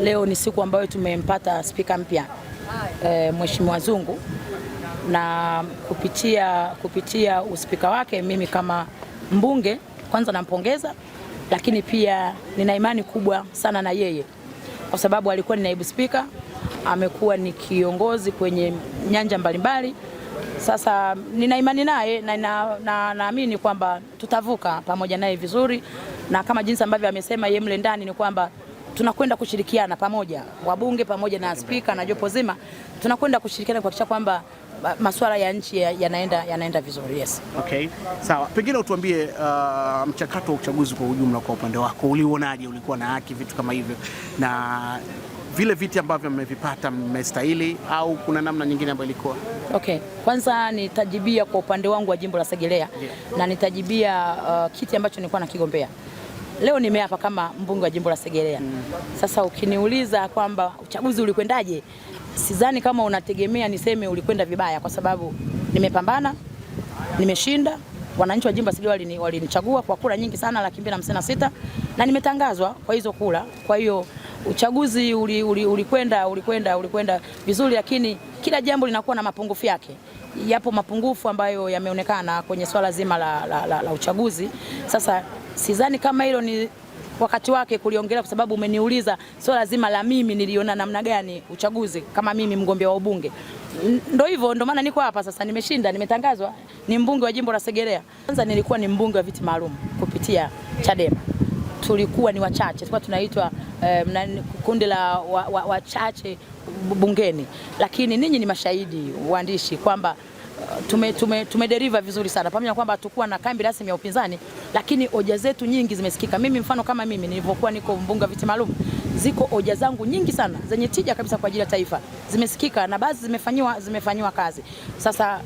Leo ni siku ambayo tumempata spika mpya e, Mheshimiwa Zungu na kupitia, kupitia uspika wake, mimi kama mbunge kwanza nampongeza, lakini pia nina imani kubwa sana na yeye kwa sababu alikuwa ni naibu spika, amekuwa ni kiongozi kwenye nyanja mbalimbali. Sasa nina imani naye na naamini na, na kwamba tutavuka pamoja naye vizuri, na kama jinsi ambavyo amesema yeye mle ndani ni kwamba tunakwenda kushirikiana pamoja, wabunge pamoja na spika na jopo zima, tunakwenda kushirikiana kuhakikisha kwamba masuala ya nchi yanaenda yanaenda vizuri. Yes. Okay. Sawa. Pengine utuambie uh, mchakato wa uchaguzi kwa ujumla kwa upande wako uliuonaje? Ulikuwa na haki, vitu kama hivyo, na vile viti ambavyo mmevipata mmestahili, au kuna namna nyingine ambayo ilikuwa? Okay. Kwanza nitajibia kwa upande wangu wa jimbo la Segerea, yeah. na nitajibia uh, kiti ambacho nilikuwa nakigombea leo nimeapa kama mbunge wa jimbo la Segerea. Mm. Sasa ukiniuliza kwamba uchaguzi ulikwendaje, sidhani kama unategemea niseme ulikwenda vibaya, kwa sababu nimepambana, nimeshinda. Wananchi wa jimbo la Segerea walinichagua kwa kura nyingi sana, laki mbili na hamsini na sita, na nimetangazwa kwa hizo kura. Kwa hiyo uchaguzi ulikwenda uli, ulikwenda ulikwenda vizuri, lakini kila jambo linakuwa na mapungufu yake. Yapo mapungufu ambayo yameonekana kwenye swala zima la, la, la, la uchaguzi sasa sidhani kama hilo ni wakati wake kuliongelea, kwa sababu umeniuliza swala lazima zima la mimi niliona namna gani uchaguzi kama mimi mgombea wa ubunge. Ndo hivyo ndo maana niko hapa sasa, nimeshinda, nimetangazwa ni mbunge wa jimbo la Segerea. Kwanza nilikuwa ni mbunge wa viti maalum kupitia Chadema, tulikuwa ni wachache, tulikuwa tunaitwa eh, kundi la wachache wa, wa bungeni, lakini ninyi ni mashahidi waandishi kwamba tume, tume, tumederiva vizuri sana pamoja na kwamba hatukuwa na kambi rasmi ya upinzani, lakini hoja zetu nyingi zimesikika. Mimi mfano kama mimi nilivyokuwa niko mbunge viti maalum, ziko hoja zangu nyingi sana zenye tija kabisa kwa ajili ya taifa zimesikika na baadhi zimefanyiwa zimefanyiwa kazi. Sasa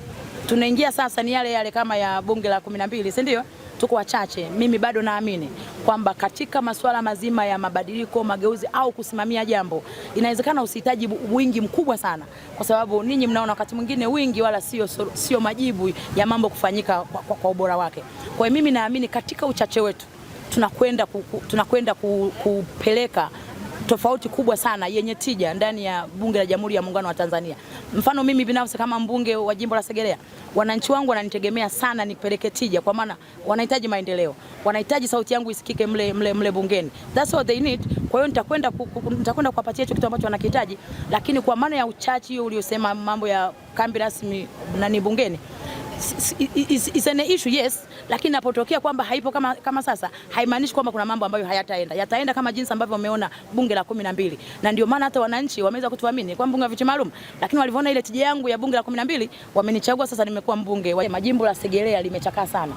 tunaingia sasa, ni yale yale kama ya bunge la kumi na mbili, si ndio? tuko wachache, mimi bado naamini kwamba katika masuala mazima ya mabadiliko, mageuzi au kusimamia jambo, inawezekana usihitaji wingi mkubwa sana, kwa sababu ninyi mnaona wakati mwingine wingi wala sio, sio majibu ya mambo kufanyika kwa, kwa, kwa ubora wake. Kwa hiyo mimi naamini katika uchache wetu tunakwenda ku, tunakwenda ku, kupeleka tofauti kubwa sana yenye tija ndani ya Bunge la Jamhuri ya Muungano wa Tanzania mfano mimi binafsi kama mbunge wa jimbo la Segerea, wananchi wangu wananitegemea sana nipeleke tija, kwa maana wanahitaji maendeleo, wanahitaji sauti yangu isikike mle, mle, mle bungeni. That's what they need. Kwa hiyo nitakwenda nitakwenda kuwapatia hicho kitu ambacho wanakihitaji, lakini kwa maana ya uchachi hiyo uliosema mambo ya kambi rasmi na ni bungeni is, is an issue yes, lakini inapotokea kwamba haipo kama, kama sasa haimaanishi kwamba kuna mambo ambayo hayataenda, yataenda kama jinsi ambavyo umeona bunge la kumi na mbili, na ndio maana hata wananchi wameweza kutuamini kwa mbunge wa viti maalum, lakini walivyoona ile tija yangu ya bunge la kumi na mbili wamenichagua sasa, nimekuwa mbunge wa majimbo la Segerea limechakaa sana,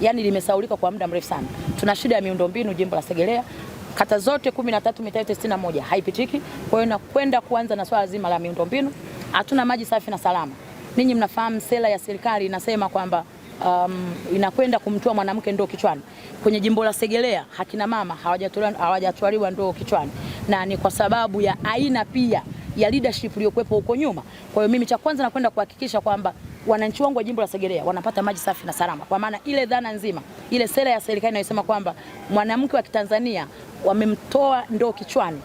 yani limesaulika kwa muda mrefu sana. Tuna shida ya miundombinu jimbo la Segerea kata zote 13 mitaa yote 61 haipitiki. Kwa hiyo nakwenda kuanza na swala zima la miundombinu. Hatuna maji safi na salama. Ninyi mnafahamu sera ya serikali inasema kwamba um, inakwenda kumtoa mwanamke ndoo kichwani. Kwenye jimbo la Segerea hakina mama hawajatwaliwa ndoo kichwani, na ni kwa sababu ya aina pia ya leadership iliyokuwepo huko nyuma. Kwa hiyo mimi cha kwanza nakwenda kuhakikisha kwamba wananchi wangu wa jimbo la Segerea wanapata maji safi na salama, kwa maana ile dhana nzima, ile sera ya serikali inayosema kwamba mwanamke wa Kitanzania wamemtoa ndoo kichwani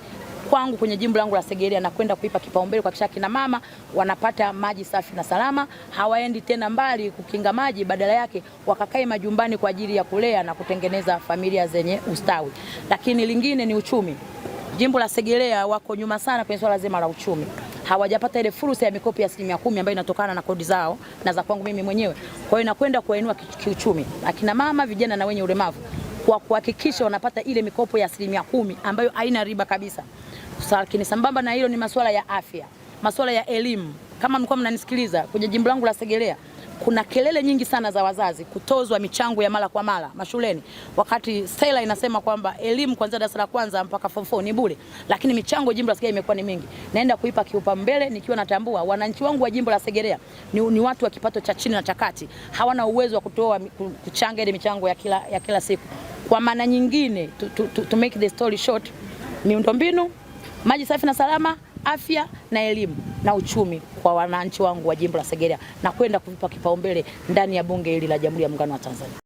kwangu kwenye jimbo langu la Segerea na kwenda kuipa kipaumbele kuhakikisha kina mama wanapata maji safi na salama, hawaendi tena mbali kukinga maji, badala yake wakakae majumbani kwa ajili ya kulea na kutengeneza familia zenye ustawi. Lakini lingine ni uchumi. Jimbo la Segerea wako nyuma sana kwenye swala zima la uchumi hawajapata ile fursa ya mikopo ya asilimia kumi ambayo inatokana na kodi zao na za kwangu mimi mwenyewe. Kwa hiyo inakwenda kuwainua kiuchumi akina mama, vijana na wenye ulemavu kwa kuhakikisha wanapata ile mikopo ya asilimia kumi ambayo haina riba kabisa. Lakini sambamba na hilo ni masuala ya afya, masuala ya elimu. Kama mlikuwa mnanisikiliza kwenye jimbo langu la Segerea, kuna kelele nyingi sana za wazazi kutozwa michango ya mara kwa mara mashuleni, wakati sera inasema kwamba elimu kuanzia darasa la kwanza mpaka form 4 ni bure, lakini michango jimbo la Segerea imekuwa ni mingi. Naenda kuipa kipaumbele nikiwa natambua wananchi wangu wa jimbo la Segerea ni, ni watu wa kipato cha chini na cha kati, hawana uwezo wa kutoa kuchanga ile michango ya kila, ya kila siku. Kwa maana nyingine to, to, to, to make the story short, miundombinu maji safi na salama, afya na elimu na uchumi kwa wananchi wangu wa jimbo la Segerea na kwenda kuvipa kipaumbele ndani ya bunge hili la Jamhuri ya Muungano wa Tanzania.